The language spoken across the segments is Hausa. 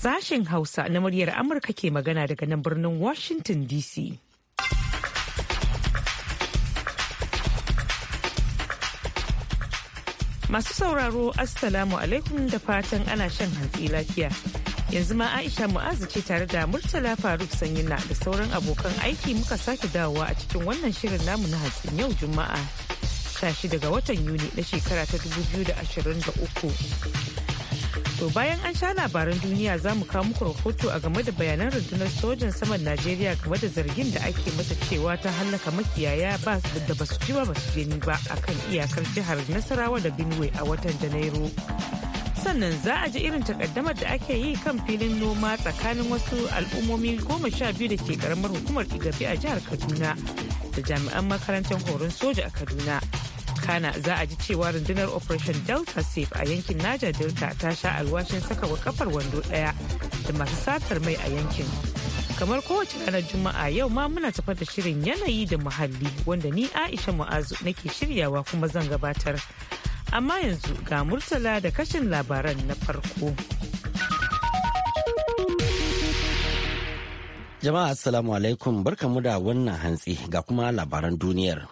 Sashen Hausa na muryar Amurka ke magana daga nan birnin Washington DC. Masu sauraro Assalamu alaikum da fatan ana shan hantsi lafiya. Yanzu ma Aisha Mu'azu ce tare da Murtala Faruk Sanyina da sauran abokan aiki muka sake dawowa a cikin wannan shirin namu na hantsin yau Juma'a. tashi daga watan Yuni na shekara ta 2023. To bayan an sha labaran duniya za mu kawo muku rahoto a game da bayanan rundunar sojan saman Najeriya game da zargin da ake masa cewa ta hallaka makiyaya ba da basu ji ba basu gani ba a kan iyakar jihar Nasarawa da Benue a watan Janairu. Sannan za a ji irin takaddamar da ake yi kan filin noma tsakanin wasu al'ummomi goma sha biyu da ke karamar hukumar Igabi a jihar Kaduna da jami'an makarantar horon soja a Kaduna. kana za a ji cewa rundunar operation delta safe a yankin naja delta ta sha alwashin saka wa kafar wando daya da masu satar mai a yankin kamar kowace ranar juma'a yau ma muna tafar da shirin yanayi da muhalli wanda ni aisha mu'azu nake shiryawa kuma zan gabatar amma yanzu ga murtala da kashin labaran na farko jama'a assalamu alaikum barkamu da wannan hantsi ga kuma labaran duniyar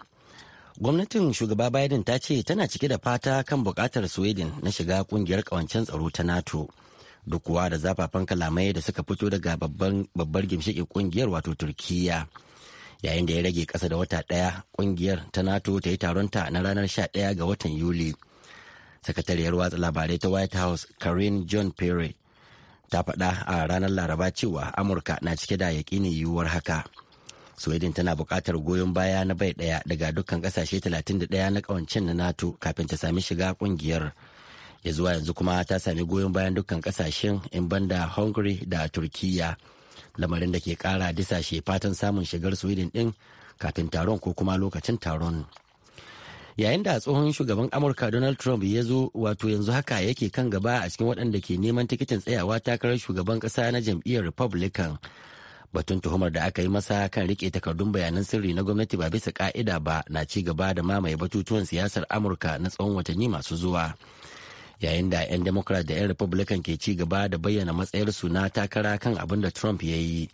gwamnatin shugaba biden ta ce tana cike da fata kan bukatar sweden na shiga kungiyar kawancen tsaro ta nato duk kuwa da zafafan kalamai da suka fito daga babbar ginshiƙin kungiyar wato turkiya yayin da ya rage ƙasa da wata ɗaya, kungiyar ta nato ta yi taronta na ranar 11 ga watan yuli sakatariyar watsa labarai ta white house karin john perry ta faɗa a ranar laraba cewa amurka na cike da yaƙinin yiwuwar haka sweden tana buƙatar goyon baya na bai ɗaya daga dukkan ƙasashe 31 na ƙawancin na nato kafin ta sami shiga ƙungiyar ya zuwa yanzu kuma ta sami goyon bayan dukkan ƙasashen in banda hungary da turkiyya lamarin da ke ƙara disashe fatan samun shigar sweden ɗin kafin taron ko kuma lokacin taron yayin da tsohon shugaban amurka donald trump ya zo wato yanzu haka yake kan gaba a cikin waɗanda ke neman tikitin tsayawa takarar shugaban ƙasa na jam'iyyar republican batun tuhumar da aka yi masa kan rike takardun bayanan sirri na gwamnati ba bisa ka'ida ba na ci gaba da mamaye batutuwan siyasar amurka na tsawon watanni masu zuwa yayin da 'yan democrat da 'yan republican ke ci gaba da bayyana matsayarsu na takara kan abin da trump ya yi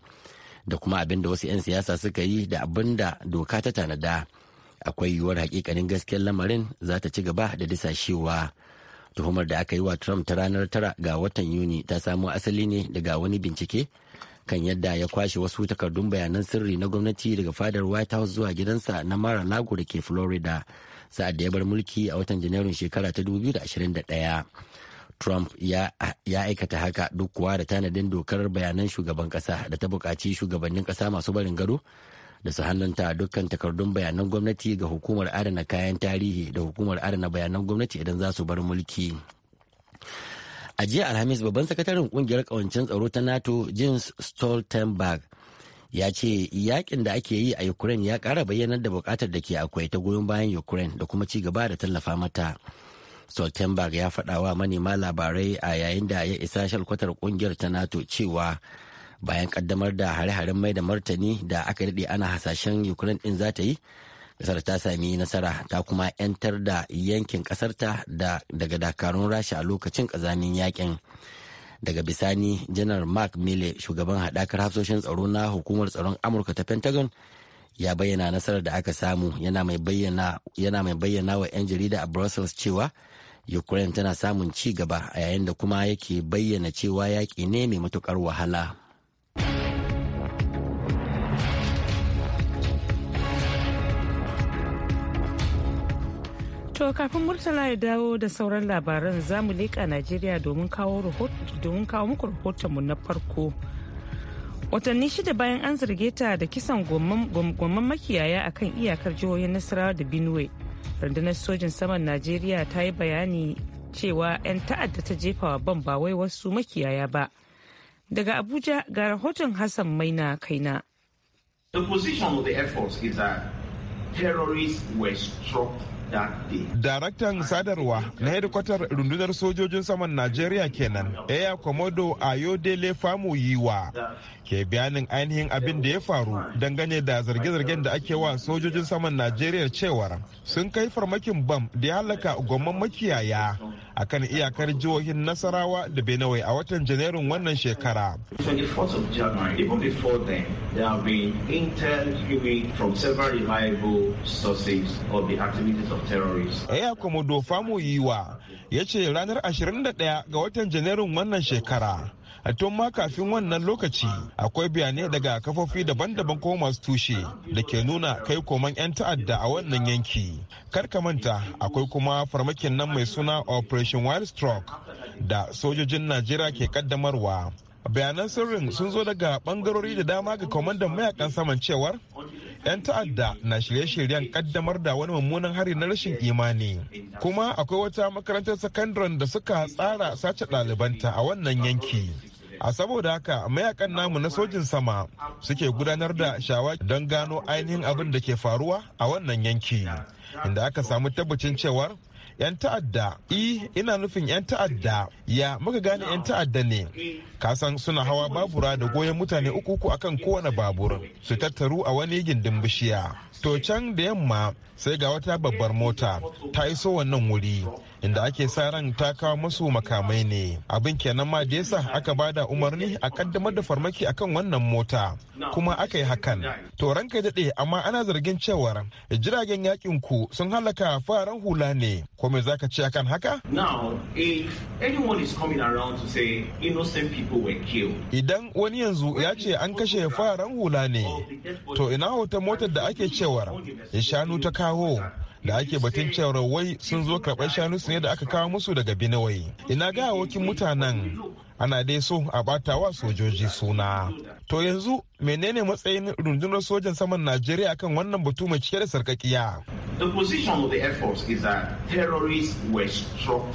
da kuma abin da wasu 'yan siyasa suka yi da abin da doka ta tanada akwai yiwuwar hakikanin gaskiyar lamarin za ta ci gaba da disashewa tuhumar da aka yi wa trump ta ranar tara ga watan yuni ta samo asali ne daga wani bincike kan yadda ya kwashe wasu takardun bayanan sirri na gwamnati daga fadar white house zuwa gidansa na mara lago da ke florida sa'ad da ya bar mulki a watan janairun shekara ta 2021 trump ya aikata haka duk kuwa da tanadin dokar bayanan shugaban kasa da ta bukaci shugabannin kasa masu barin gado da su hannunta dukkan takardun bayanan gwamnati ga hukumar adana kayan tarihi da hukumar adana bayanan gwamnati idan za su bar mulki a jiya alhamis babban sakataren kungiyar kawancin tsaro ta nato jens stoltenberg ya ce yakin da ake yi a ukraine ya kara bayyanar da bukatar da ke akwai ta goyon bayan ukraine da kuma ci gaba da tallafa mata stoltenberg ya faɗa wa manema labarai a yayin da ya isa shalkwatar kungiyar ta nato cewa bayan kaddamar da hare-haren mai da martani da aka daɗe ana hasashen ukraine ɗin za ta yi kasar ta sami nasara ta kuma 'yantar da yankin kasarta daga dakarun rasha a lokacin kazanin yakin daga bisani janar mark mille shugaban haɗakar hafsoshin tsaro na hukumar tsaron amurka ta pentagon ya bayyana nasarar da aka samu yana mai bayyana wa 'yan jarida a brussels cewa ukraine tana samun ci gaba a yayin da kuma yake bayyana cewa yaƙi ne mai matuƙar wahala To kafin Murtala ya dawo da sauran labaran za mu leƙa Najeriya domin kawo muku rahotonmu na farko. Watanni shida bayan an zarge ta da kisan gomman makiyaya a kan iyakar jihohin Nasarawa da Benue. Rundunar sojin saman Najeriya ta yi bayani cewa 'yan ta'adda ta jefawa ban ba wai wasu makiyaya ba. Daga Abuja ga rahoton Hassan Maina Kaina. The position of the Air is that terrorists were struck Daraktan sadarwa na hedikwatar rundunar sojojin saman Najeriya kenan, Air Komodo Ayodele Famu Yiwa, ke bayanin ainihin abin da ya faru dangane da zarge-zargen da ake wa sojojin saman Najeriya cewar sun kai farmakin bam da ya halaka gwamman makiyaya a kan iyakar jihohin Nasarawa da Benue a watan Janairun wannan shekara. intel of the activities Eh, ya komodo Famu Yiwa ya ce ranar 21 ga watan Janairun wannan shekara. a tun ma kafin wannan lokaci akwai bayanai daga kafofi daban-daban ko masu tushe da ke nuna kai koman 'yan ta'adda a wannan yanki kar ka manta akwai kuma farmakin nan mai suna operation wild stroke da sojojin najeriya ke kaddamarwa bayanan sirrin sun zo daga bangarori da dama ga kwamandan mayakan saman cewar 'yan ta'adda na shirye-shiryen kaddamar da wani mummunan hari na rashin imani kuma akwai wata makarantar sakandaren da suka tsara sace ɗalibanta a wannan yanki a saboda haka mayakan namu na sojin sama suke gudanar da shawa don gano ainihin abin da ke faruwa a wannan yanki inda aka samu tabbacin cewar 'yan ta'adda e ina nufin 'yan ta'adda ya muka gane 'yan ta'adda ne kasan suna hawa babura da goyon mutane uku uku akan kowane babur su tattaru a wani gindin bishiya to can da yamma sai ga wata babbar mota ta iso wannan wuri inda ake sa ran ta kawo masu makamai ne abin kenan ma da yasa aka bada umarni a kaddamar da farmaki akan wannan mota kuma aka yi hakan to ranka daɗe amma ana zargin cewar jiragen yakin ku sun halaka faran hula ne ko me zaka ce akan haka idan wani yanzu ya ce an kashe faran hula ne to ina hoton motar da ake cewar shanu ta kawo da ake batun cewa wai sun zo karɓar shanu su ne da aka kawo musu daga Benue. Ina ga wakin mutanen ana dai so a wa sojoji suna. To yanzu menene matsayin rundunar sojan saman Najeriya akan wannan batu mai cike da sarkakiya? The position of the Air Force is that terrorists were struck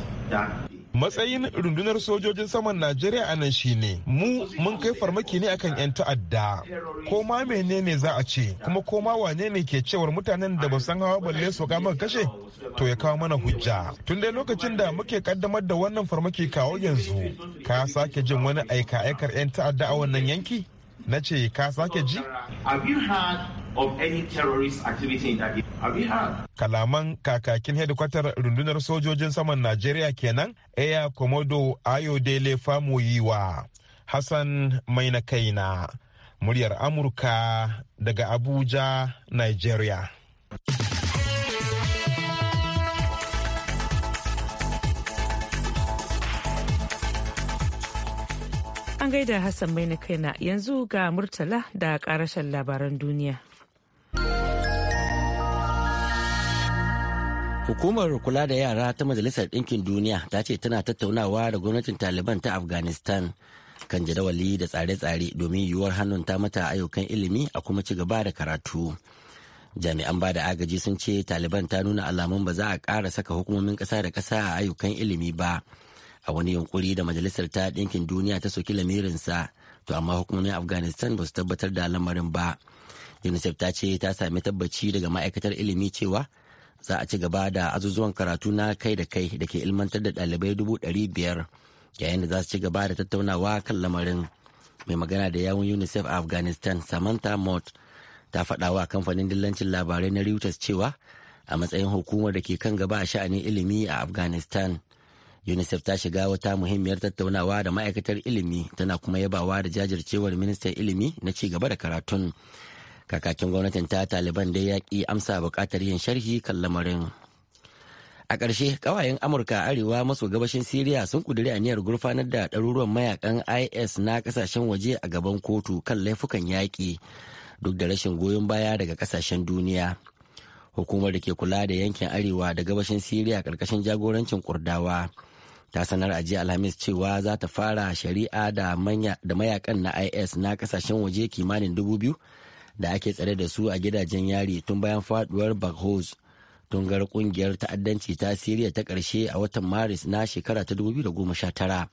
matsayin rundunar sojojin saman najeriya a nan shine mu mun kai farmaki ne akan 'yan ta'adda ko ma menene za a ce kuma ko ma wane ne ke cewar mutanen da ba san hawa balle su kama kashe to ya kawo mana hujja tun dai lokacin da muke kaddamar da wannan farmaki kawo yanzu ka sake jin wani aika aikar 'yan ta'adda a wannan yanki na ce ka sake ji of any terrorist activity in that have you heard? Kalaman kakakin hedikwatar rundunar sojojin saman Najeriya kenan Air Komodo Ayodele hasan Hassan Maina Kaina muryar Amurka daga Abuja, Nigeria. An gaida Hassan Maina Kaina yanzu ga Murtala da karashen labaran duniya. Hukumar kula da yara ta Majalisar Ɗinkin Duniya ta ce tana tattaunawa da gwamnatin Taliban ta Afghanistan kan jadawali da tsare-tsare domin yiwuwar hannun ta mata ayyukan ilimi a kuma ci gaba da karatu. Jami'an ba da agaji sun ce Taliban ta nuna alamun ba za a ƙara saka hukumomin ƙasa da ƙasa a ayyukan ilimi ba. A wani yunkuri da Majalisar ta Ɗinkin Duniya ta soki lamirinsa, to amma hukumomin Afghanistan ba su tabbatar da lamarin ba. UNICEF ta ce ta sami tabbaci daga ma'aikatar ilimi cewa za a ci gaba da azuzuwan karatu na kai da kai da ke ilmantar da ɗalibai dubu ɗari biyar yayin da za su ci gaba da tattaunawa kan lamarin mai magana da yawun unicef a afghanistan samantha mott ta faɗa wa kamfanin dillancin labarai na reuters cewa a matsayin hukumar da ke kan gaba a sha'anin ilimi a afghanistan unicef ta shiga wata muhimmiyar tattaunawa da ma'aikatar ilimi tana kuma yabawa da jajircewar ministan ilimi na ci gaba da karatun kakakin gwamnatin ta taliban dai ya ƙi amsa buƙatar yin sharhi kan lamarin a ƙarshe ƙawayen amurka arewa maso gabashin siriya sun ƙudiri aniyar gurfanar da ɗaruruwan mayakan is na ƙasashen waje a gaban kotu kan laifukan yaƙi duk da rashin goyon baya daga ƙasashen duniya hukumar da ke kula da yankin arewa da gabashin siriya ƙarƙashin jagorancin kurdawa ta sanar a jiya alhamis cewa za ta fara shari'a da mayakan na is na ƙasashen waje kimanin dubu biyu da ake tsare da su a gidajen yari tun bayan faduwar Baghouz tungar kungiyar ta'addanci ta Siriya ta ƙarshe a watan Maris na shekara ta 2019.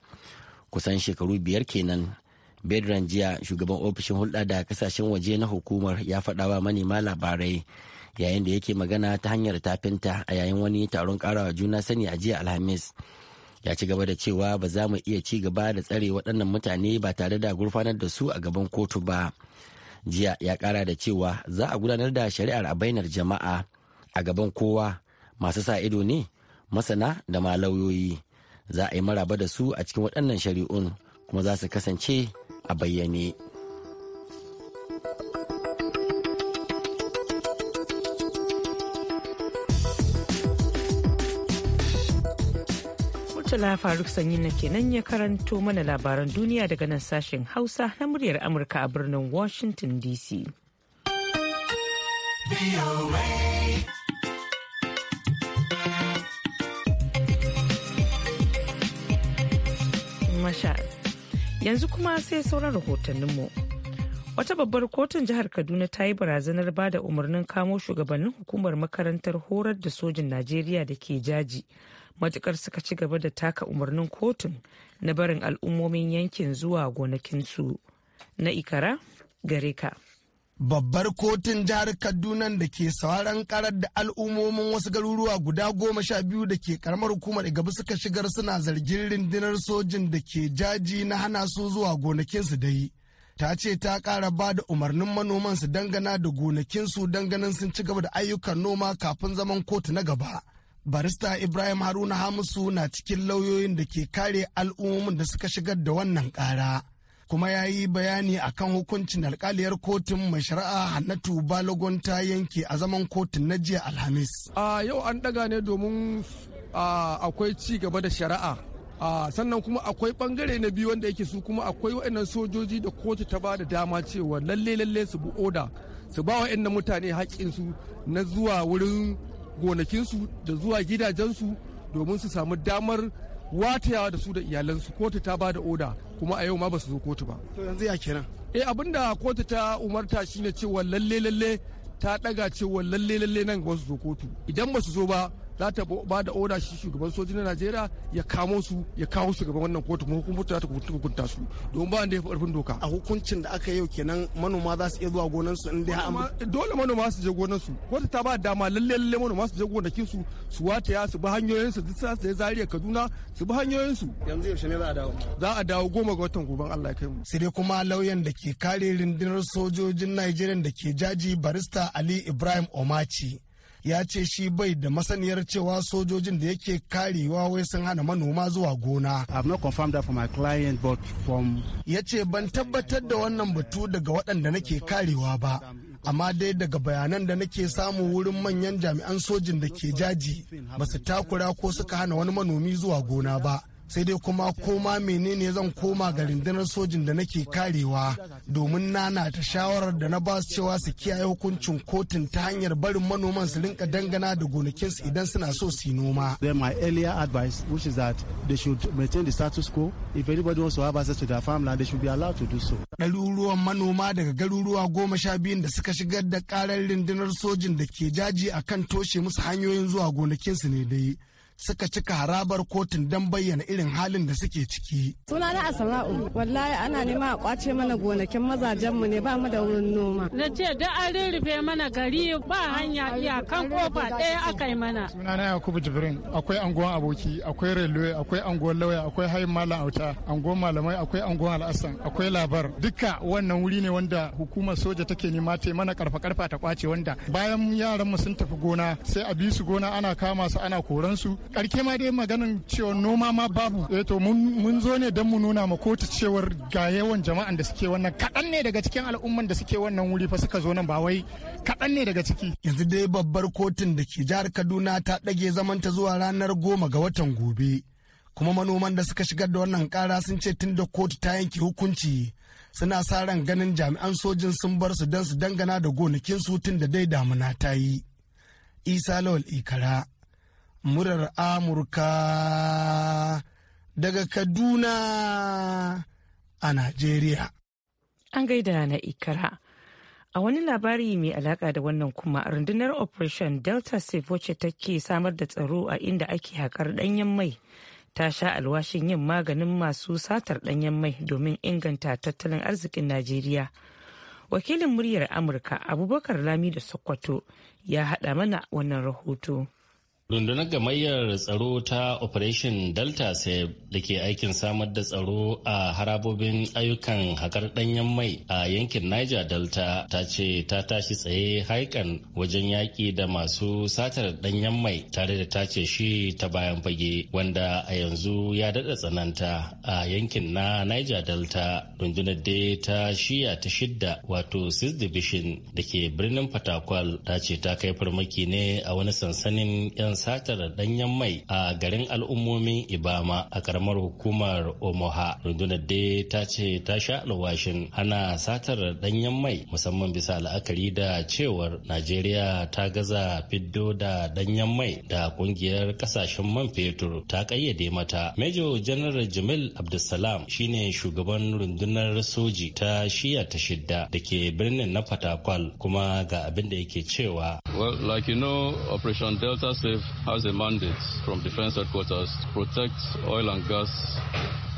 Kusan shekaru biyar kenan. Bedran jiya shugaban ofishin hulɗa da kasashen waje na hukumar ya faɗawa manema labarai yayin da yake magana ta hanyar tafinta a yayin wani taron ƙarawa juna sani a jiya Alhamis. ya ci gaba da cewa ba za mu iya ci gaba da tsare waɗannan mutane ba tare da gurfanar da su a gaban kotu ba jiya ya kara da cewa za a gudanar da shari'ar a bainar jama'a a gaban kowa masu sa ido ne masana da ma lauyoyi za a yi maraba da su a cikin waɗannan shari'un kuma za su kasance a bayyane. Murtala Faruk Sanyi na kenan ya karanto mana labaran duniya daga nan sashen Hausa na muryar Amurka a birnin Washington DC. Masha. Yanzu kuma sai sauran rahotanninmu. Wata babbar kotun jihar Kaduna ta yi barazanar ba da umarnin kamo shugabannin hukumar makarantar horar da sojin Najeriya da ke jaji matukar suka ci gaba da taka umarnin kotun na barin al'ummomin yankin zuwa gonakinsu na ikara gare ka. Babbar kotun jihar Kaduna da ke sauran karar da al'ummomin wasu garuruwa guda goma sha biyu da ke karamar hukumar gaba suka shigar suna zargin rundunar sojin da ke jaji na hana su zuwa gonakinsu da yi. Ta ce ta kara ba da umarnin manoman su dangana da gonakinsu danganin sun ci gaba da ayyukan noma kafin zaman kotu na gaba. barista ibrahim haruna hamisu na cikin lauyoyin da ke kare al'ummomin da suka shigar da wannan kara. kuma ya yi bayani a kan hukuncin alkaliyar kotun mai shari'a hannatu balogon ta yanke a zaman kotun na jiya alhamis a yau an daga ne domin akwai ci gaba da shari'a sannan kuma akwai bangare na biyu wanda yake su kuma akwai waɗannan sojoji da kotu ta ba da dama cewa lalle lalle su bi oda su ba waɗannan mutane haƙƙinsu na zuwa wurin gonakinsu da zuwa gidajensu domin su samu damar watayawa da su da iyalansu kotu ta ba oda kuma a yau ma ba su zo kotu ba. To yanzu ya kenan. Eh abinda kotu ta umarta shine cewa lalle lalle ta daga cewa lalle lalle nan ba su zo kotu idan ba su zo ba za ta ba da oda shi shugaban soji na najeriya ya kamo su ya kawo su gaban wannan kotu kuma hukumar ta hukunta su domin ba wanda ya fi doka a hukuncin da aka yau kenan manoma za su iya zuwa gonan su in dai dole manoma su je gonan su kotu ta ba dama lalle lalle manoma su je gonakin su su wataya su bi hanyoyin su duk su zariya kaduna su bi hanyoyin su yanzu yaushe ne za a dawo za a dawo goma ga watan goban Allah ya kai mu sai dai kuma lauyan da ke kare rundunar sojojin Najeriya da ke jaji barista Ali Ibrahim Omachi ya ce shi bai da masaniyar cewa sojojin da yake karewa wai sun hana manoma zuwa gona. Ya ce ban tabbatar da wannan batu daga waɗanda nake karewa ba, amma dai daga bayanan da nake samu wurin manyan jami'an sojin da ke jaji ba su takura ko suka hana wani manomi zuwa gona ba. sai dai kuma koma menene zan koma ga rundunar sojin da nake karewa domin nana ta shawarar da na ba su cewa su kiyaye hukuncin kotun ta hanyar barin manoman su rinka dangana da gonakinsu idan suna so su yi noma. Then my earlier advice which is that they should maintain the status quo if anybody wants to have access to their farmland they should be allowed to do so. Ɗaruruwan manoma daga garuruwa goma sha biyun da suka shigar da karar rundunar sojin da ke jaji akan toshe musu hanyoyin zuwa gonakinsu ne dai. suka cika harabar kotun don bayyana irin halin da suke ciki. Suna Sunana asala'u wallahi ana nema a kwace mana gonakin mazajenmu ne ba mu da wurin noma. Na ce da an rurrufe mana gari ba hanya iya kan kofa ɗaya aka yi mana. Suna na Yakubu Jibrin, akwai anguwan aboki, akwai railway, akwai anguwan lauya, akwai hayin malam auta, anguwan malamai, akwai anguwan al'asan, akwai labar. Duka wannan wuri ne wanda hukumar soja take nema ta mana karfa-karfa ta kwace wanda bayan yaranmu sun tafi gona sai a bi su gona ana kama su ana koransu karke ma dai maganan cewa noma ma babu eh to mun zo ne don mu nuna ma kotu cewar ga yawan jama'an da suke wannan kaɗan ne daga cikin al'umman da suke wannan wuri fa suka zo nan ba wai kaɗan ne daga ciki yanzu dai babbar kotun da ke jihar kaduna ta ɗage zamanta zuwa ranar goma ga watan gobe kuma manoman da suka shigar da wannan kara sun ce tun da kotu ta yanke hukunci suna sa ran ganin jami'an sojin sun bar su don su dangana da gonakin su tun da dai damuna ta yi isa lawal ikara murar Amurka daga Kaduna a Najeriya. An gaida na ikara. A wani labari mai alaka da wannan kuma rundunar Operation Delta Safe wacce take samar da tsaro a inda ake haƙar ɗanyen mai ta sha alwashin yin maganin masu satar ɗanyen mai domin inganta tattalin arzikin Najeriya. Wakilin muryar Amurka Abubakar Lami da Sokoto ya haɗa mana wannan rahoto. Rundunar gamayyar tsaro ta Operation Delta Save da ke aikin samar da tsaro a harabobin ayyukan hakar ɗanyen mai a yankin Niger Delta ta ce ta tashi tsaye haikan wajen yaƙi da masu satar ɗanyen mai tare da ta ce shi ta bayan fage wanda a yanzu ya daɗa tsananta a yankin na Niger Delta. Rundunar dai ta shiya ta shidda wato 6 Division da ke birnin Fatakwal ta ce ta kai farmaki ne a wani sansanin 'yan satar danyen mai a garin al'ummomin Ibama a karamar hukumar Omaha, Rundunar da ta ce ta sha alwashin hana satar danyen mai musamman bisa la'akari da cewar Najeriya ta gaza fiddo da danyen mai da kungiyar kasashen man fetur ta kayyade mata. Major General Jamil Abdulsalam shine shugaban rundunar soji ta shiya ta shidda da ke birnin na Fatakwal kuma ga abin da yake cewa. Well, like you know, Operation Delta Safe has a mandate from defense headquarters to protect oil and gas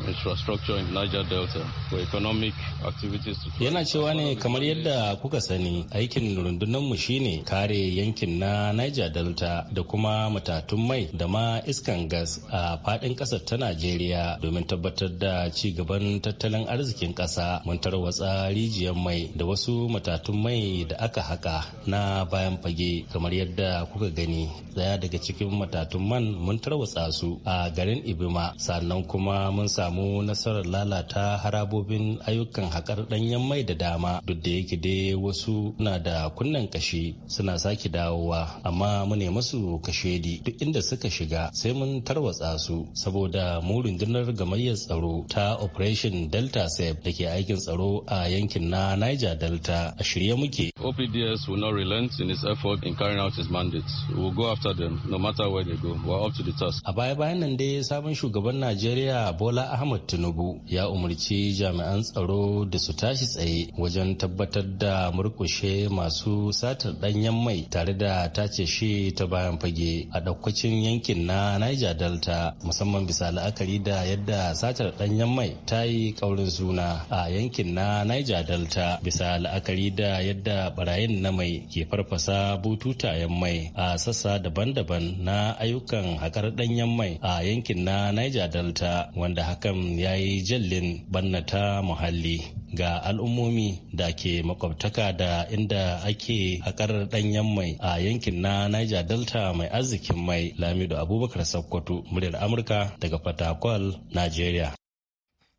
infrastructure in Niger Delta for economic activities Yana cewa ne kamar yadda kuka sani aikin rundunar mu shine kare yankin na Niger Delta da kuma matatun mai da ma iskan gas a fadin kasar ta Najeriya domin tabbatar da ci gaban tattalin arzikin kasa mun tarwatsa rijiyar mai da wasu matatun mai da aka haka na bayan fage kamar yadda kuka gani daya daga cikin matatun man mun tarwatsa su a garin Ibima sannan kuma mun samu samu nasarar lalata harabobin ayyukan haƙar ɗanyen mai da dama duk da yake dai wasu na da kunnen kashe suna sake dawowa amma mu ne masu di duk inda suka shiga sai mun tarwatsa su saboda mu rundunar gamayyar tsaro ta operation delta sef da ke aikin tsaro a yankin na niger delta a shirya muke opds will not relent in its effort in carrying out its mandates we will go after them no matter where they go we are up to the task a baya bayan nan dai sabon shugaban najeriya bola Ahmad Tinubu ya umarci jami'an tsaro da su tashi tsaye wajen tabbatar da murkushe masu satar ɗanyen mai tare da tace shi ta bayan fage a ɗaukacin yankin na Niger Delta musamman bisa la'akari da yadda satar ɗanyen mai ta yi ƙaurin suna a yankin na Niger Delta bisa la'akari da yadda barayin na mai ke farfasa bututayen mai a sassa daban-daban na ayyukan haƙar ɗanyen mai a yankin na Niger Delta wanda haka. hakan ya yi jallin bannata muhalli ga al'ummomi da ke makwabtaka da inda ake haƙar ɗanyen mai a yankin na niger delta mai arzikin mai lamido abubakar sokoto muryar amurka daga fatakwal nigeria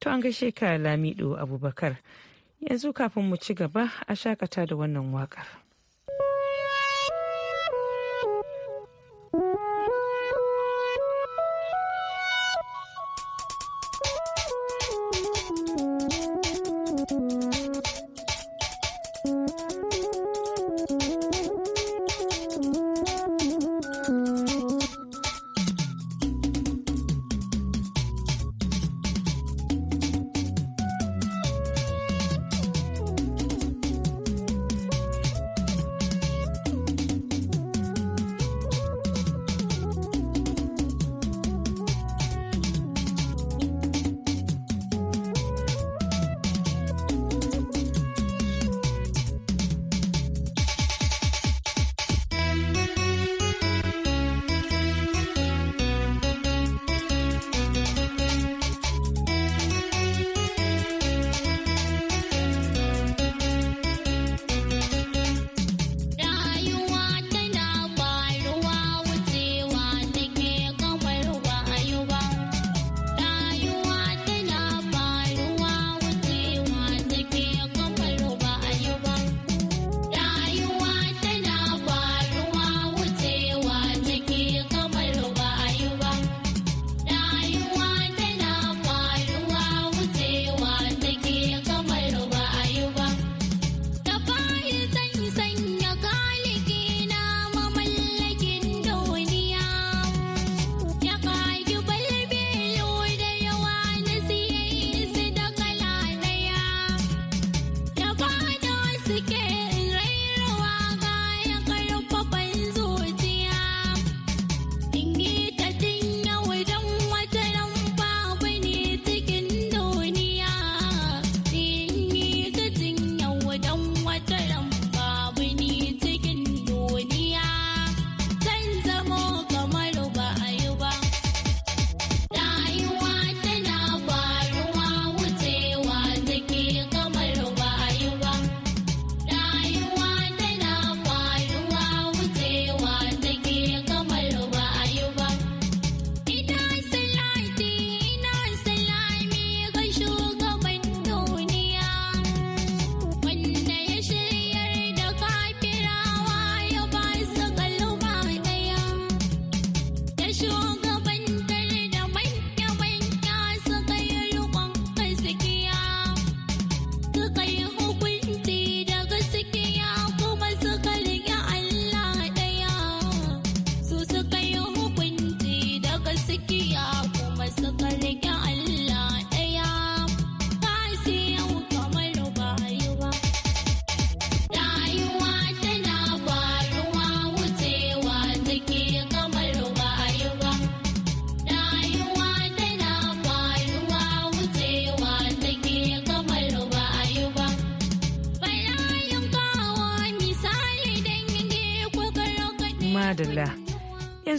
to an gaishe ka lamido abubakar yanzu kafin mu ci gaba a shakata da wannan waƙar.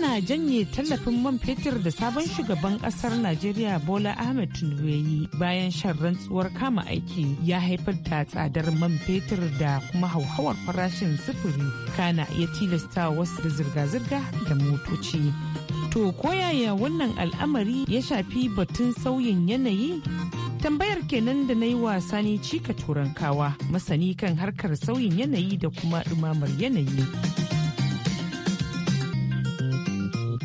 yana janye tallafin man fetur da sabon shugaban kasar Najeriya Bola Ahmed Tinubu yi bayan shan rantsuwar kama aiki ya haifar da tsadar man fetur da kuma hauhawar farashin sufuri kana iya tilasta wasu da zirga-zirga da motoci. To koyaya wannan al'amari ya shafi batun sauyin yanayi? Tambayar kenan da na yi wa Sani cika turankawa masani kan harkar sauyin yanayi da kuma dumamar yanayi.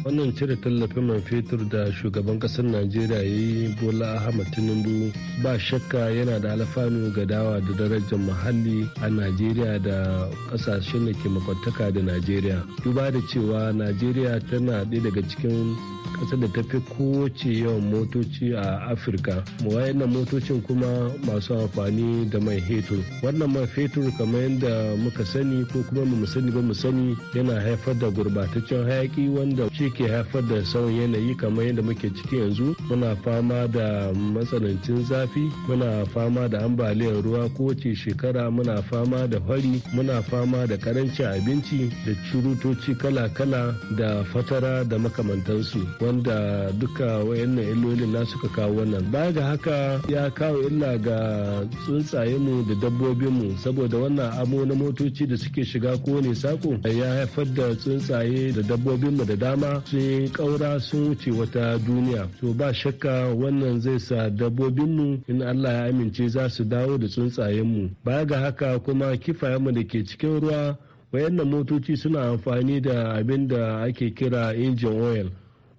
wannan cire tallafin man fetur da shugaban kasar najeriya ya yi bola ahmad tinubu ba shakka yana da alfanu ga dawa da darajar muhalli a najeriya da kasashen da ke makwantaka da najeriya duba da cewa najeriya tana ɗaya daga cikin ƙasar da ta fi kowace yawan motoci a afirka wayannan motocin kuma masu amfani da mai fetur wannan man fetur kamar yadda muka sani ko kuma mu sani ba mu sani yana haifar da gurbataccen hayaki wanda shi ke haifar da sauyin yanayi kamar yadda muke ciki yanzu muna fama da matsanancin zafi muna fama da ambaliyar ruwa kowace shekara muna fama da fari muna fama da karancin abinci da curutoci kala-kala da fatara da makamantansu wanda duka wayannan illolin na suka kawo wannan baya ga haka ya kawo illa ga tsuntsayenmu da dabbobinmu saboda wannan amo na motoci da suke shiga kowane sako ya haifar da tsuntsaye da dabbobinmu da dama sai ƙaura sun wuce wata duniya to ba shakka wannan zai sa dabbobinmu in allah ya amince za su dawo da tsuntsayenmu baya ga haka kuma kifayenmu da ke cikin ruwa wayannan motoci suna amfani da abin da ake kira injin oil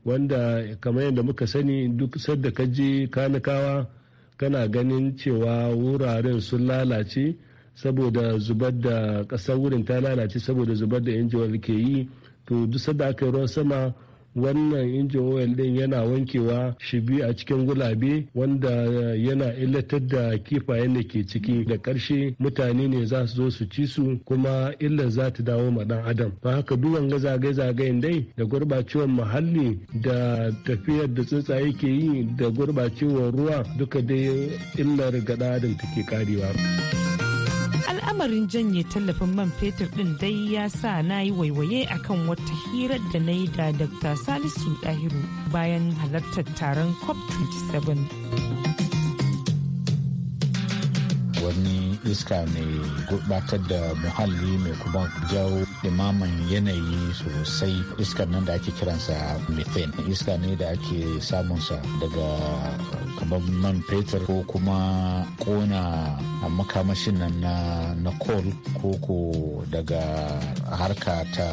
wanda kamar yadda muka sani duk sadda ka je kanakawa kana ganin cewa wuraren sun lalace saboda zubar da ƙasar wurin ta lalace saboda zubar da injin oil ke yi to duk da aka yi ruwan sama wannan injin oil din yana wankewa shi biyu a cikin gulabe wanda yana illatar da kifayen da ke ciki da ƙarshe mutane ne za su zo su ci su kuma illar za ta dawo ma dan adam ba haka duwan ga zagaye-zagayen dai da gurbacewar muhalli da tafiyar da tsuntsaye ke yi da gurbacewar ruwa duka dai illar ga adam take karewa. al'amarin janye tallafin man fetur din dai ya sa na yi waiwaye akan wata hirar da na yi da dr salisu dahiru bayan halartar taron cop 27 iska ne gurbatar da muhalli mai kuma jawo limaman yanayi sosai iskar nan da ake kiransa methane iska ne da ake samunsa daga kamar man fetur ko kuma kona makamashin nan na coal ko daga harka ta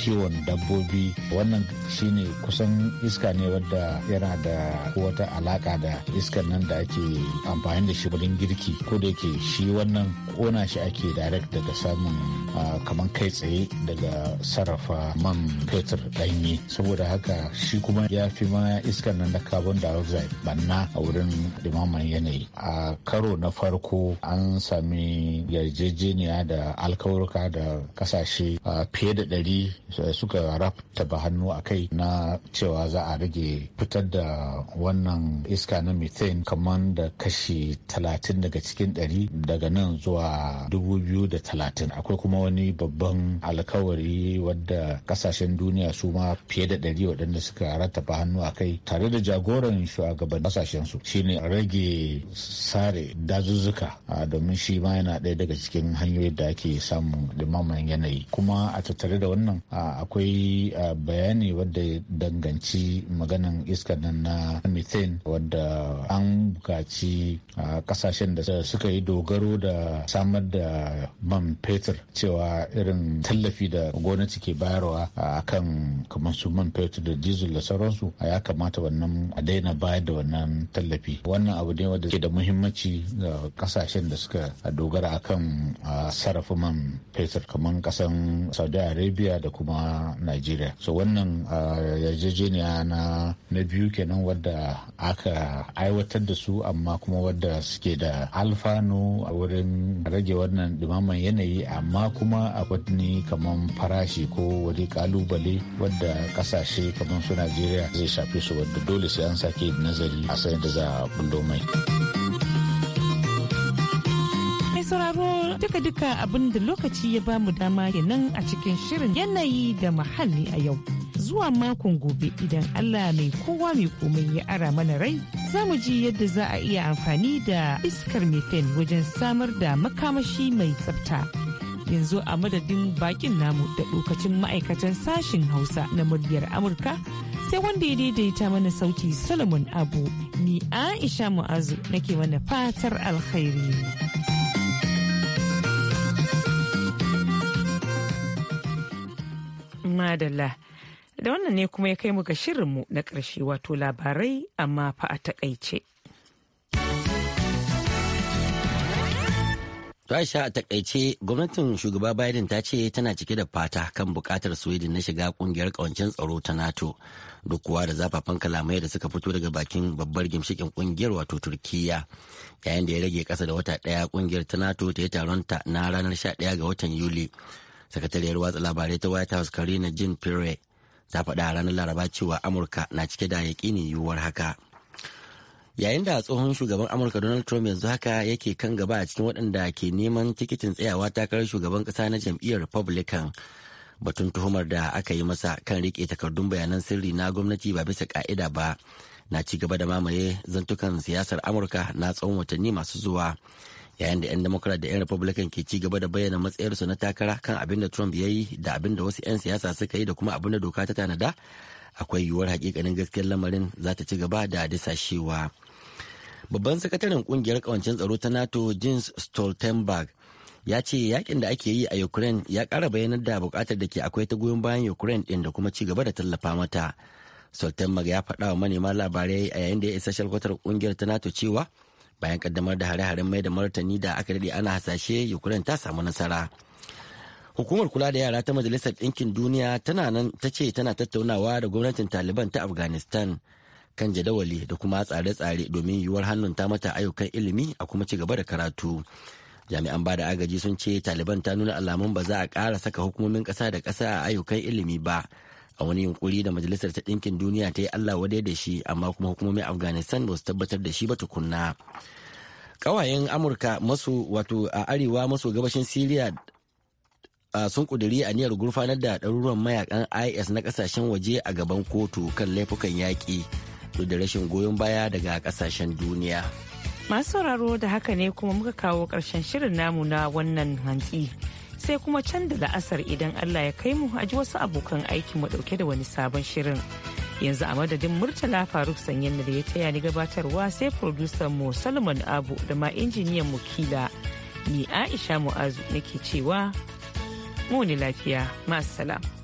kiwon dabbobi wannan shine kusan iska ne wadda yana da wata alaka da iskar nan da ake amfani da shi wurin girki ko da yake shi wannan nan kona shi ake direct daga samun kamar kai tsaye daga sarrafa man fetur ɗanye saboda haka shi kuma ya fi ma iskar nan na carbon dioxide banna a wurin limaman yanayi a karo na farko an sami yarjejeniya da alkawurka da kasashe fiye da ɗari suka raftaba hannu a kai na cewa za a rage fitar da wannan iska na methane kamar da kashi talatin daga cikin ɗari daga nan nan zuwa 2030 akwai kuma wani babban alkawari wadda kasashen duniya su ma fiye da ɗari waɗanda suka rattaba hannu a kai tare da jagoran shugaban kasashen su shine rage sare dazuzzuka domin shi ma yana ɗaya daga cikin hanyoyin da ake samun limaman yanayi kuma a tattare da wannan akwai bayani wadda danganci maganan iska nan na methane wadda an buƙaci kasashen da suka yi dogaro da da samar da man fetur cewa irin tallafi da gwamnati ke bayarwa a kan kamar su man fetur da diesel da sauransu a ya kamata wannan a daina bayar da wannan tallafi wannan abu ne wanda ke da muhimmanci ga kasashen da suka dogara akan sarrafa man fetur kamar kasan saudi arabia da kuma nigeria so wannan yarjejeniya na na biyu kenan wadda aka aiwatar da su amma kuma wadda suke da alfanu a wurin kokarin rage wannan dumaman yanayi amma kuma a kwatini kamar farashi ko wani kalubale wadda kasashe kamar su najeriya zai shafi su wadda dole sai an sake nazari a sanar da za a bullo mai sauraro duka-duka abin da lokaci ya bamu dama kenan a cikin shirin yanayi da muhalli a yau. zuwa makon gobe idan Allah mai kowa mai komai ya ara mana rai za mu ji yadda za a iya amfani da iskar methane wajen samar da makamashi mai tsafta. Yanzu a madadin bakin namu da lokacin ma'aikatan sashin Hausa na muryar Amurka sai wanda ya daidaita mana sauti Solomon Abu ni Aisha Mu'azu nake mana fatar alkhairi. madalla Da wannan ne kuma ya kai mu ga shirinmu na ƙarshe wato labarai amma fa a takaice. Tasha a takaice gwamnatin shugaba Biden ta ce tana cike da fata kan bukatar Sweden na shiga kungiyar kawancin tsaro ta NATO duk kuwa da zafafan kalamai da suka fito daga bakin babbar gimshikin kungiyar wato Turkiyya yayin da ya rage kasa da wata daya kungiyar ta NATO ta yi taron ta na ranar 11 ga watan Yuli. Sakatariyar watsa labarai ta White House Karina Jean Pierre ta faɗa a ranar laraba cewa amurka na cike da yaƙinin yiwuwar haka yayin da tsohon shugaban amurka donald trump yanzu haka yake kan gaba a cikin waɗanda ke neman tikitin tsayawa takarar shugaban ƙasa na jam'iyyar republican batun tuhumar da aka yi masa kan riƙe takardun bayanan sirri na gwamnati ba bisa ka'ida ba na ci gaba da mamaye zantukan siyasar amurka na tsawon watanni masu zuwa yayin da 'yan democrat da 'yan republican ke ci gaba da bayyana matsayarsu na takara kan abin da trump ya yi da abin da wasu 'yan siyasa suka yi da kuma abin da doka ta tanada akwai yiwuwar hakikanin gaskiyar lamarin za ta ci gaba da dasashewa babban sakataren kungiyar kawancin tsaro ta nato jens stoltenberg ya ce yakin da ake yi a ukraine ya kara bayanar da bukatar da ke akwai ta goyon bayan ukraine din da kuma ci gaba da tallafa mata stoltenberg ya faɗa wa manema labarai a yayin da ya isa shalkwatar kungiyar ta nato cewa bayan kaddamar da hare-haren mai da martani da aka daɗe ana hasashe ukraine ta samu nasara hukumar kula da yara ta majalisar ɗinkin duniya tana nan ta ce tana tattaunawa da gwamnatin taliban ta afghanistan kan jadawali da kuma tsare-tsare domin yiwuwar hannun ta mata ayyukan ilimi a kuma ci gaba da karatu jami'an bada agaji sun ce taliban ta nuna alamun ba za a ƙara saka hukumomin ƙasa da kasa a ayyukan ilimi ba a wani yunkuri da majalisar ta ɗinkin duniya ta yi allah wadai da shi amma kuma hukumomin afghanistan ba su tabbatar da shi ba tukunna ƙawayen amurka masu wato a arewa maso gabashin siriya sun kuduri aniyar gurfanar da ɗaruruwan mayakan is na ƙasashen waje a gaban kotu kan laifukan yaƙi duk da rashin goyon baya daga ƙasashen duniya masu sauraro da haka ne kuma muka kawo ƙarshen shirin namu na wannan hantsi sai kuma can da la'asar idan Allah ya kai mu a wasu abokan aikin mu dauke da wani sabon shirin. Yanzu a madadin Murtala Faruk Sanyin da ya taya ni gabatarwa sai producer mu Solomon Abu da ma injiniyan mu Kila. Ni Aisha Mu'azu nake cewa mu ne lafiya. Ma'assalam.